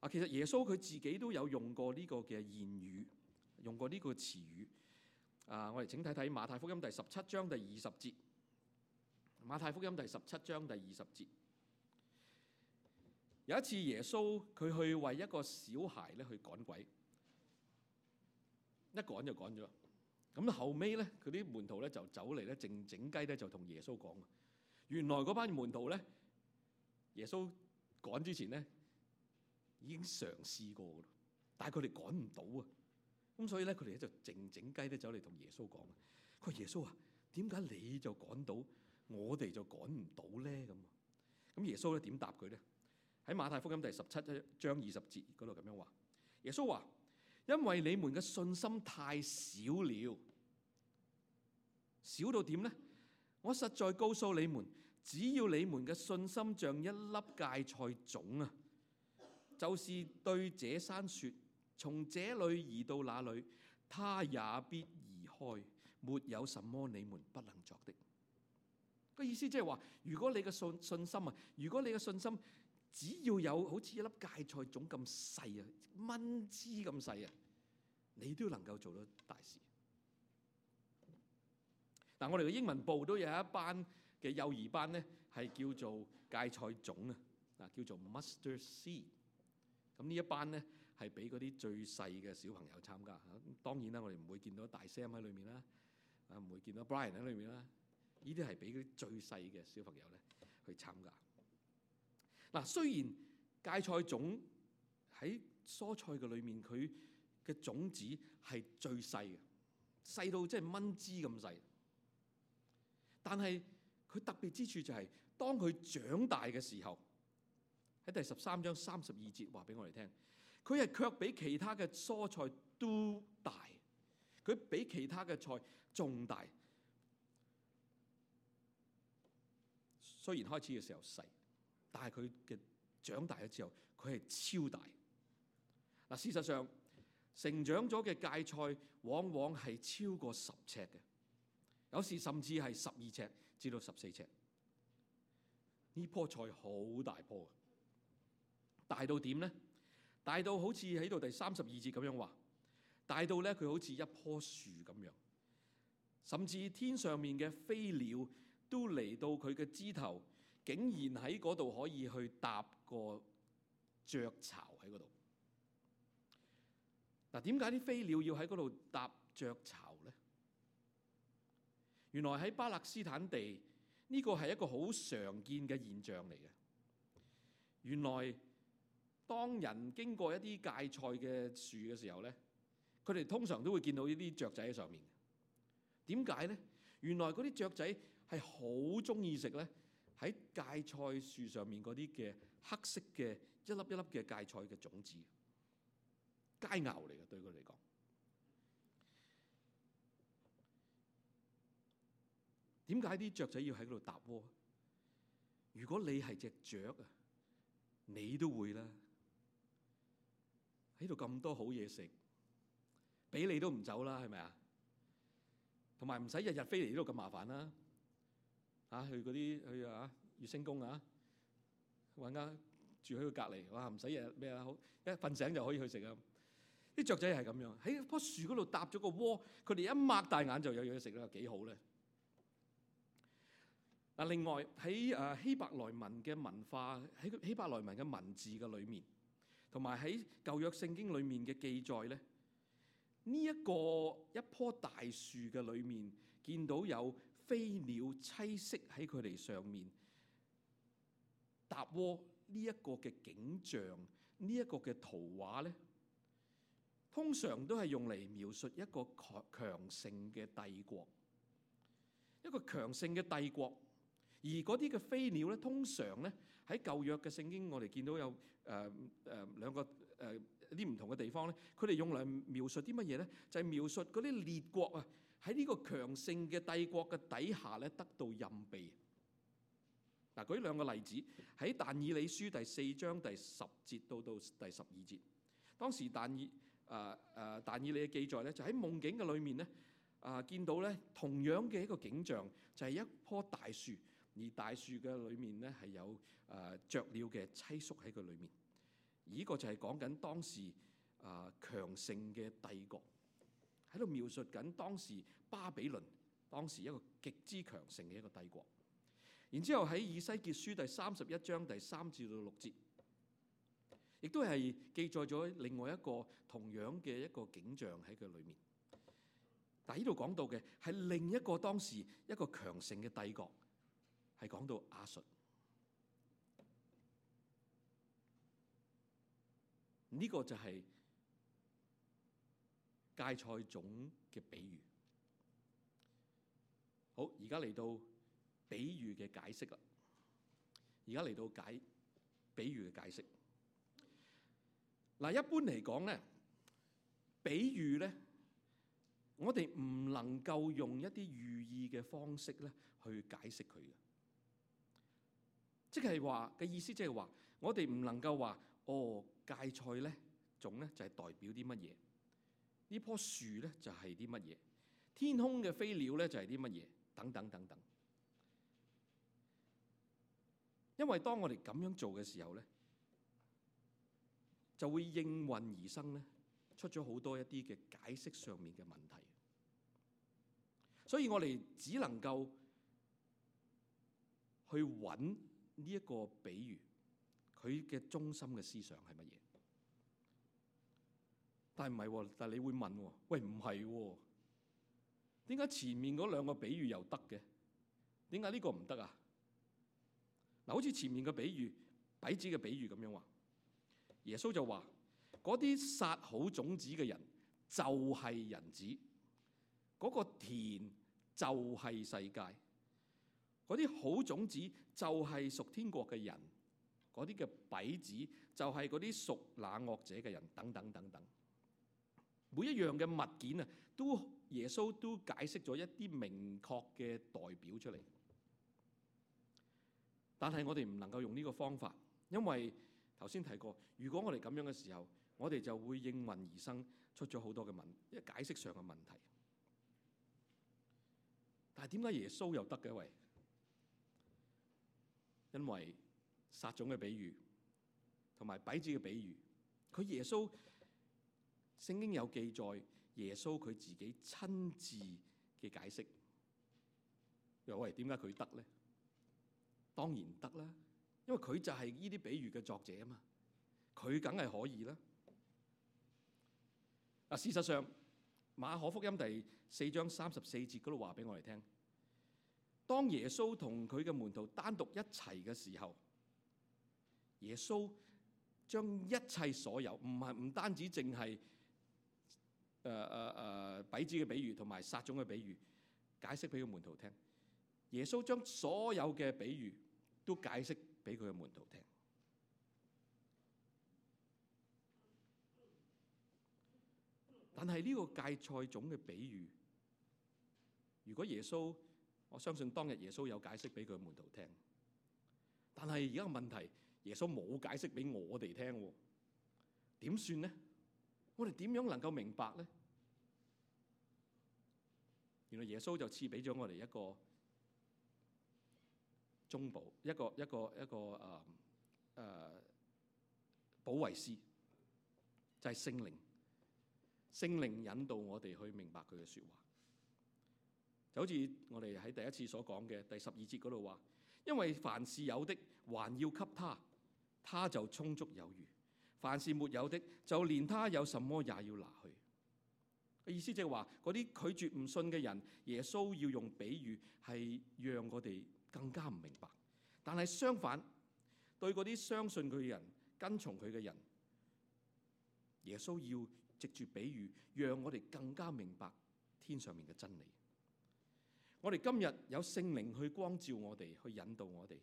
啊，其實耶穌佢自己都有用過呢個嘅言語，用過呢個詞語。啊，我哋請睇睇馬太福音第十七章第二十節。馬太福音第十七章第二十節，有一次耶穌佢去為一個小孩咧去趕鬼，一趕就趕咗。咁後尾咧，佢啲門徒咧就走嚟咧，靜靜雞咧就同耶穌講：原來嗰班門徒咧，耶穌趕之前咧已經嘗試過㗎喇，但係佢哋趕唔到啊！咁所以咧，佢哋咧就靜靜雞咧走嚟同耶穌講：佢話耶穌啊，點解你就趕到，我哋就趕唔到咧？咁啊，咁耶穌咧點答佢咧？喺馬太福音第十七章二十節嗰度咁樣話：耶穌話、啊：因為你們嘅信心太少了。少到點呢？我實在告訴你們，只要你們嘅信心像一粒芥菜種啊，就是對這山說：從這裏移到那裏，他也必移開。沒有什麼你們不能作的。個意思即係話，如果你嘅信，信心啊，如果你嘅信心只要有好似一粒芥菜種咁細啊，蚊枝咁細啊，你都能夠做到大事。但我哋嘅英文部都有一班嘅幼兒班咧，係叫做芥菜種啊，啊叫做 Mustard Seed。咁呢一班咧係俾嗰啲最細嘅小朋友參加嚇。當然啦，我哋唔會見到大 Sam 喺裏面啦，啊唔會見到 Brian 喺裏面啦。呢啲係俾嗰啲最細嘅小朋友咧去參加。嗱，雖然芥菜種喺蔬菜嘅裏面，佢嘅種子係最細嘅，細到即係蚊枝咁細。但係佢特別之處就係，當佢長大嘅時候，喺第十三章三十二節話俾我哋聽，佢係卻比其他嘅蔬菜都大，佢比其他嘅菜仲大。雖然開始嘅時候細，但係佢嘅長大咗之後，佢係超大。嗱，事實上成長咗嘅芥菜往往係超過十尺嘅。有時甚至係十二尺至到十四尺，呢棵菜好大棵，大到點呢？大到好似喺度第三十二節咁樣話，大到咧佢好似一棵樹咁樣，甚至天上面嘅飛鳥都嚟到佢嘅枝頭，竟然喺嗰度可以去搭個雀巢喺嗰度。嗱，點解啲飛鳥要喺嗰度搭雀巢？原來喺巴勒斯坦地呢個係一個好常見嘅現象嚟嘅。原來當人經過一啲芥菜嘅樹嘅時候咧，佢哋通常都會見到呢啲雀仔喺上面。點解咧？原來嗰啲雀仔係好中意食咧喺芥菜樹上面嗰啲嘅黑色嘅一粒一粒嘅芥菜嘅種子，佳餚嚟嘅對佢嚟講。點解啲雀仔要喺度搭窩？如果你係隻雀啊，你都會啦。喺度咁多好嘢食，俾你都唔走啦，係咪啊？同埋唔使日日飛嚟呢度咁麻煩啦。嚇，去嗰啲去啊，月星宮啊，揾家住喺佢隔籬，哇！唔使日日咩啦，好一瞓醒就可以去食啊。啲雀仔係咁樣喺樖樹嗰度搭咗個窩，佢哋一擘大眼就有嘢食啦，幾好咧！嗱，另外喺誒希伯來文嘅文化，喺希伯來文嘅文字嘅裏面，同埋喺舊約聖經裡面嘅記載咧，呢、這、一個一棵大樹嘅裏面，見到有飛鳥棲息喺佢哋上面搭窩，呢一個嘅景象，呢、這、一個嘅圖畫咧，通常都係用嚟描述一個強強盛嘅帝國，一個強盛嘅帝國。而嗰啲嘅飛鳥咧，通常咧喺舊約嘅聖經，我哋見到有誒誒兩個誒啲唔同嘅地方咧，佢哋用嚟描述啲乜嘢咧？就係、是、描述嗰啲列國啊，喺呢個強盛嘅帝國嘅底下咧，得到任備。嗱，舉兩個例子，喺但以理書第四章第十節到到第十二節，當時但以誒誒、呃呃、但以理嘅記載咧，就喺夢境嘅裏面咧，啊、呃、見到咧同樣嘅一個景象，就係、是、一棵大樹。而大樹嘅裏面咧，係有誒雀鳥嘅棲宿喺佢裏面，呢個就係講緊當時誒強盛嘅帝國喺度描述緊當時巴比倫，當時一個極之強盛嘅一個帝國。然之後喺以西結書第三十一章第三至到六節，亦都係記載咗另外一個同樣嘅一個景象喺佢裏面。但呢度講到嘅係另一個當時一個強盛嘅帝國。係講到阿術，呢、這個就係芥菜種嘅比喻。好，而家嚟到比喻嘅解釋啦。而家嚟到解比喻嘅解釋。嗱，一般嚟講咧，比喻咧，我哋唔能夠用一啲寓意嘅方式咧去解釋佢嘅。即係話嘅意思就說，即係話我哋唔能夠話哦，芥菜咧種咧就係代表啲乜嘢？呢棵樹咧就係啲乜嘢？天空嘅飛鳥咧就係啲乜嘢？等等等等。因為當我哋咁樣做嘅時候咧，就會應運而生咧，出咗好多一啲嘅解釋上面嘅問題。所以我哋只能夠去揾。呢一個比喻，佢嘅中心嘅思想係乜嘢？但係唔係喎，但係你會問：喂，唔係喎？點解前面嗰兩個比喻又得嘅？點解呢個唔得啊？嗱，好似前面嘅比喻，稗子嘅比喻咁樣話，耶穌就話：嗰啲撒好種子嘅人就係人子，嗰、那個田就係世界。嗰啲好種子就係屬天國嘅人，嗰啲嘅秕子就係嗰啲屬那惡者嘅人，等等等等。每一樣嘅物件啊，都耶穌都解釋咗一啲明確嘅代表出嚟。但係我哋唔能夠用呢個方法，因為頭先提過，如果我哋咁樣嘅時候，我哋就會應運而生出咗好多嘅問，一解釋上嘅問題。但係點解耶穌又得嘅？喂！因為芥菜種嘅比喻，同埋稗子嘅比喻，佢耶穌聖經有記載，耶穌佢自己親自嘅解釋。又喂，點解佢得咧？當然得啦，因為佢就係呢啲比喻嘅作者啊嘛，佢梗係可以啦。嗱，事實上馬可福音第四章三十四節嗰度話俾我哋聽。當耶穌同佢嘅門徒單獨一齊嘅時候，耶穌將一切所有唔係，唔單止淨係誒誒誒秕子嘅比喻同埋撒種嘅比喻解釋俾佢門徒聽。耶穌將所有嘅比喻都解釋俾佢嘅門徒聽。但係呢個芥菜種嘅比喻，如果耶穌我相信當日耶穌有解釋俾佢門徒聽，但係而家嘅問題，耶穌冇解釋俾我哋聽，點算呢？我哋點樣能夠明白呢？原來耶穌就賜俾咗我哋一個中保，一個一個一個誒誒、啊啊、保惠師，就係、是、聖靈，聖靈引導我哋去明白佢嘅説話。就好似我哋喺第一次所講嘅第十二節嗰度話，因為凡事有的還要給他，他就充足有餘，凡事沒有的，就連他有什麼也要拿去。意思即係話嗰啲拒絕唔信嘅人，耶穌要用比喻，係讓我哋更加唔明白；但係相反，對嗰啲相信佢嘅人，跟從佢嘅人，耶穌要藉住比喻，讓我哋更加明白天上面嘅真理。我哋今日有聖靈去光照我哋，去引導我哋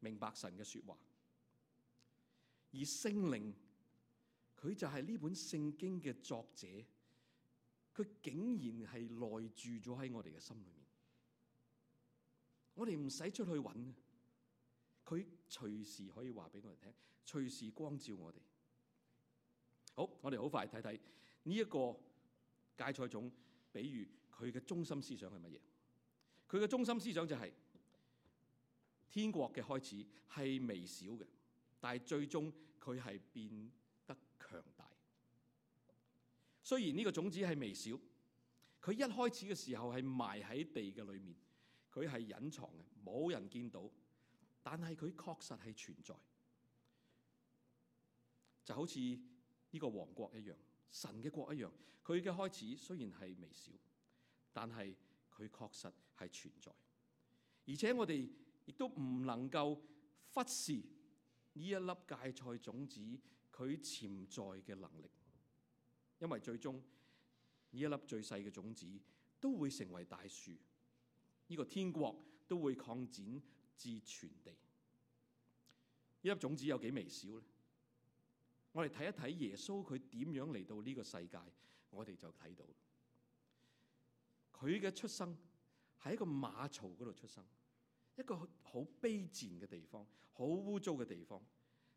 明白神嘅說話。而聖靈佢就係呢本聖經嘅作者，佢竟然係內住咗喺我哋嘅心裏面。我哋唔使出去搵，佢隨時可以話俾我哋聽，隨時光照我哋。好，我哋好快睇睇呢一個芥菜種比喻。佢嘅中心思想係乜嘢？佢嘅中心思想就係：天國嘅開始係微小嘅，但係最終佢係變得強大。雖然呢個種子係微小，佢一開始嘅時候係埋喺地嘅裏面，佢係隱藏嘅，冇人見到，但係佢確實係存在，就好似呢個王國一樣，神嘅國一樣。佢嘅開始雖然係微小。但係佢確實係存在，而且我哋亦都唔能夠忽視呢一粒芥菜種子佢潛在嘅能力，因為最終呢一粒最細嘅種子都會成為大樹，呢個天國都會擴展至全地。呢粒種子有幾微小咧？我哋睇一睇耶穌佢點樣嚟到呢個世界，我哋就睇到。佢嘅出生係一個馬槽嗰度出生，一個好卑賤嘅地方，好污糟嘅地方，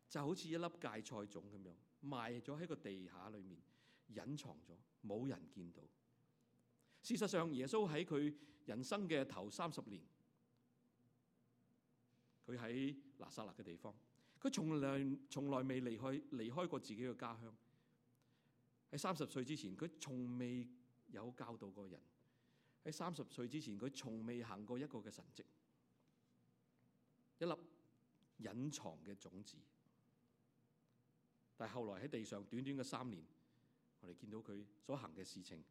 就好似一粒芥菜種咁樣，埋咗喺個地下裏面，隱藏咗，冇人見到。事實上，耶穌喺佢人生嘅頭三十年，佢喺拿撒勒嘅地方，佢從來從來未離開離開過自己嘅家鄉。喺三十歲之前，佢從未有教導過人。喺三十歲之前，佢從未行過一個嘅神跡，一粒隱藏嘅種子。但係後來喺地上短短嘅三年，我哋見到佢所行嘅事情。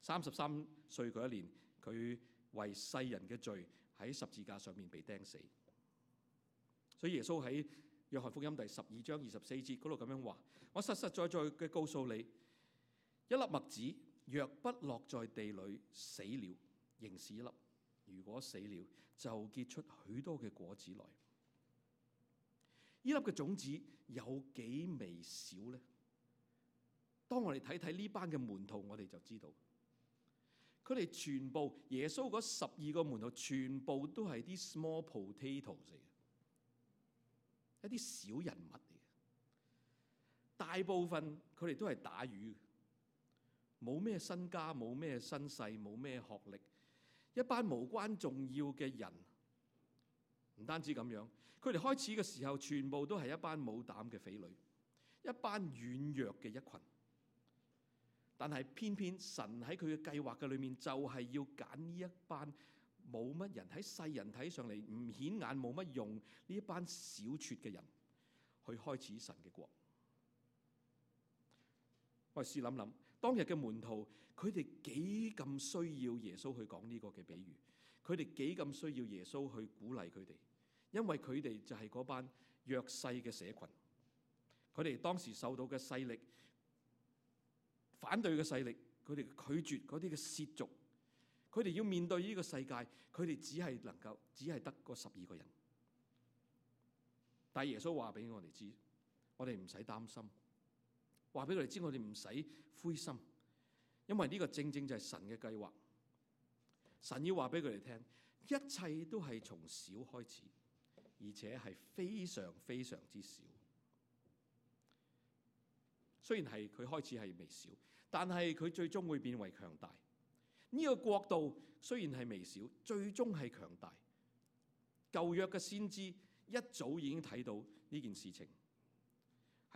三十三歲嗰一年，佢為世人嘅罪喺十字架上面被釘死。所以耶穌喺約翰福音第十二章二十四節嗰度咁樣話：「我實實在在嘅告訴你，一粒麥子。若不落在地裡，死了仍是一粒；如果死了，就結出許多嘅果子來。呢粒嘅種子有幾微小咧？當我哋睇睇呢班嘅門徒，我哋就知道，佢哋全部耶穌嗰十二個門徒，全部都係啲 small potatoes 嚟嘅，一啲小人物嚟嘅。大部分佢哋都係打魚。冇咩身家，冇咩身世，冇咩學歷，一班無關重要嘅人。唔單止咁樣，佢哋開始嘅時候，全部都係一班冇膽嘅匪類，一班軟弱嘅一群。但係偏偏神喺佢嘅計劃嘅裏面，就係要揀呢一班冇乜人喺世人睇上嚟唔顯眼、冇乜用呢一班小撮嘅人，去開始神嘅國。我哋試諗諗。當日嘅門徒，佢哋幾咁需要耶穌去講呢個嘅比喻，佢哋幾咁需要耶穌去鼓勵佢哋，因為佢哋就係嗰班弱勢嘅社群，佢哋當時受到嘅勢力，反對嘅勢力，佢哋拒絕嗰啲嘅世俗，佢哋要面對呢個世界，佢哋只係能夠，只係得嗰十二個人。但耶穌話俾我哋知，我哋唔使擔心。話俾佢哋知，我哋唔使灰心，因為呢個正正就係神嘅計劃。神要話俾佢哋聽，一切都係從小開始，而且係非常非常之小。雖然係佢開始係微小，但係佢最終會變為強大。呢個國度雖然係微小，最終係強大。舊約嘅先知一早已經睇到呢件事情。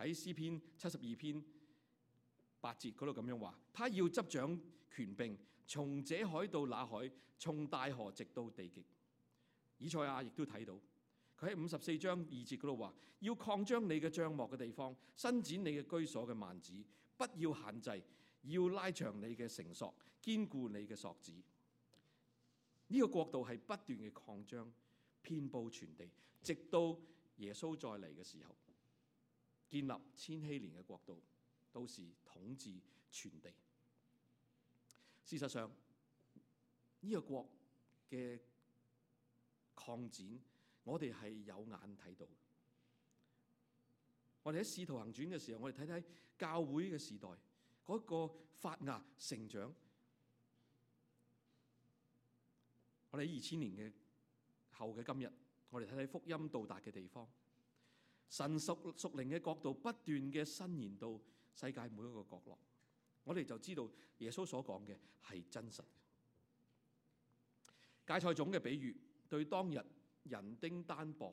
喺詩篇七十二篇八節嗰度咁樣話，他要執掌權柄，從這海到那海，從大河直到地極。以賽亞亦都睇到，佢喺五十四章二節嗰度話，要擴張你嘅帳幕嘅地方，伸展你嘅居所嘅幔子，不要限制，要拉長你嘅繩索，堅固你嘅索子。呢個國度係不斷嘅擴張，遍布全地，直到耶穌再嚟嘅時候。建立千禧年嘅國度，到時統治全地。事實上，呢個國嘅擴展，我哋係有眼睇到的。我哋喺使徒行傳嘅時候，我哋睇睇教會嘅時代嗰個發芽成長。我哋喺二千年嘅後嘅今日，我哋睇睇福音到達嘅地方。神屬屬靈嘅角度，不斷嘅伸延到世界每一個角落，我哋就知道耶穌所講嘅係真實。芥菜種嘅比喻，對當日人丁單薄、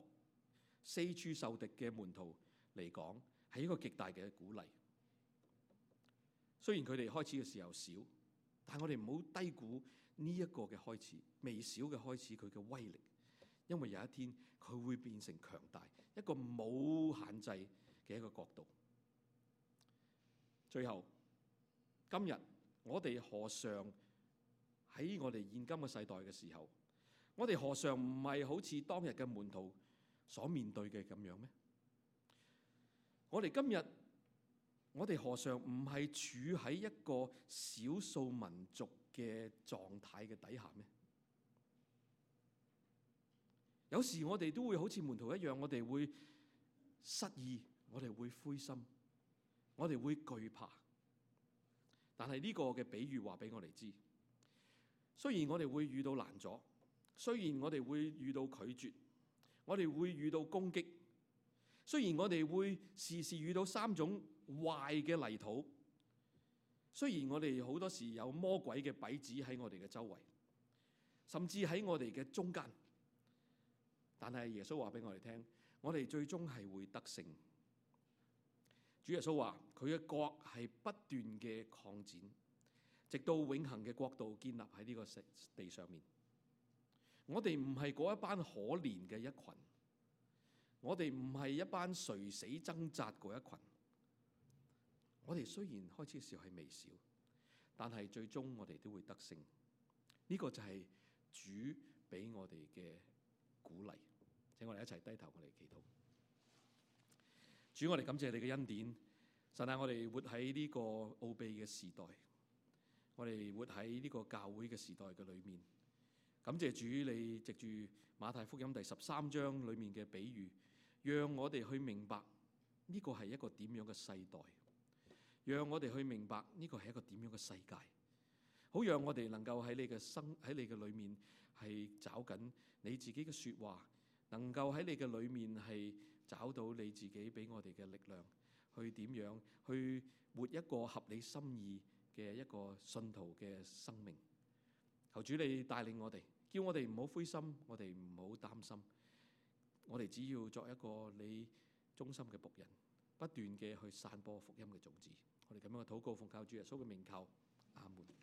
四處受敵嘅門徒嚟講，係一個極大嘅鼓勵。雖然佢哋開始嘅時候少，但係我哋唔好低估呢一個嘅開始，微小嘅開始佢嘅威力，因為有一天佢會變成強大。一個冇限制嘅一個角度。最後，今日我哋何嘗喺我哋現今嘅世代嘅時候，我哋何嘗唔係好似當日嘅門徒所面對嘅咁樣咩？我哋今日，我哋何嘗唔係處喺一個少數民族嘅狀態嘅底下咩？有時我哋都會好似門徒一樣，我哋會失意，我哋會灰心，我哋會懼怕。但係呢個嘅比喻話俾我哋知，雖然我哋會遇到難阻，雖然我哋會遇到拒絕，我哋會遇到攻擊，雖然我哋會時時遇到三種壞嘅泥土，雖然我哋好多時有魔鬼嘅稗子喺我哋嘅周圍，甚至喺我哋嘅中間。但係耶穌話俾我哋聽，我哋最終係會得勝。主耶穌話：佢嘅國係不斷嘅擴展，直到永恆嘅國度建立喺呢個地上面。我哋唔係嗰一班可憐嘅一群，我哋唔係一班垂死掙扎嗰一群。我哋雖然開始嘅時候係微小，但係最終我哋都會得勝。呢個就係主俾我哋嘅鼓勵。請我哋一齊低頭，我哋祈禱。主，我哋感謝你嘅恩典，神啊！我哋活喺呢個奧秘嘅時代，我哋活喺呢個教會嘅時代嘅裏面，感謝主，你藉住馬太福音第十三章裏面嘅比喻，讓我哋去明白呢個係一個點樣嘅世代，讓我哋去明白呢個係一個點樣嘅世界，好讓我哋能夠喺你嘅心喺你嘅裏面係找緊你自己嘅說話。能夠喺你嘅裏面係找到你自己俾我哋嘅力量，去點樣去活一個合你心意嘅一個信徒嘅生命。求主你帶領我哋，叫我哋唔好灰心，我哋唔好擔心，我哋只要作一個你忠心嘅僕人，不斷嘅去散播福音嘅種子。我哋咁樣嘅禱告奉教主耶穌嘅名求阿門。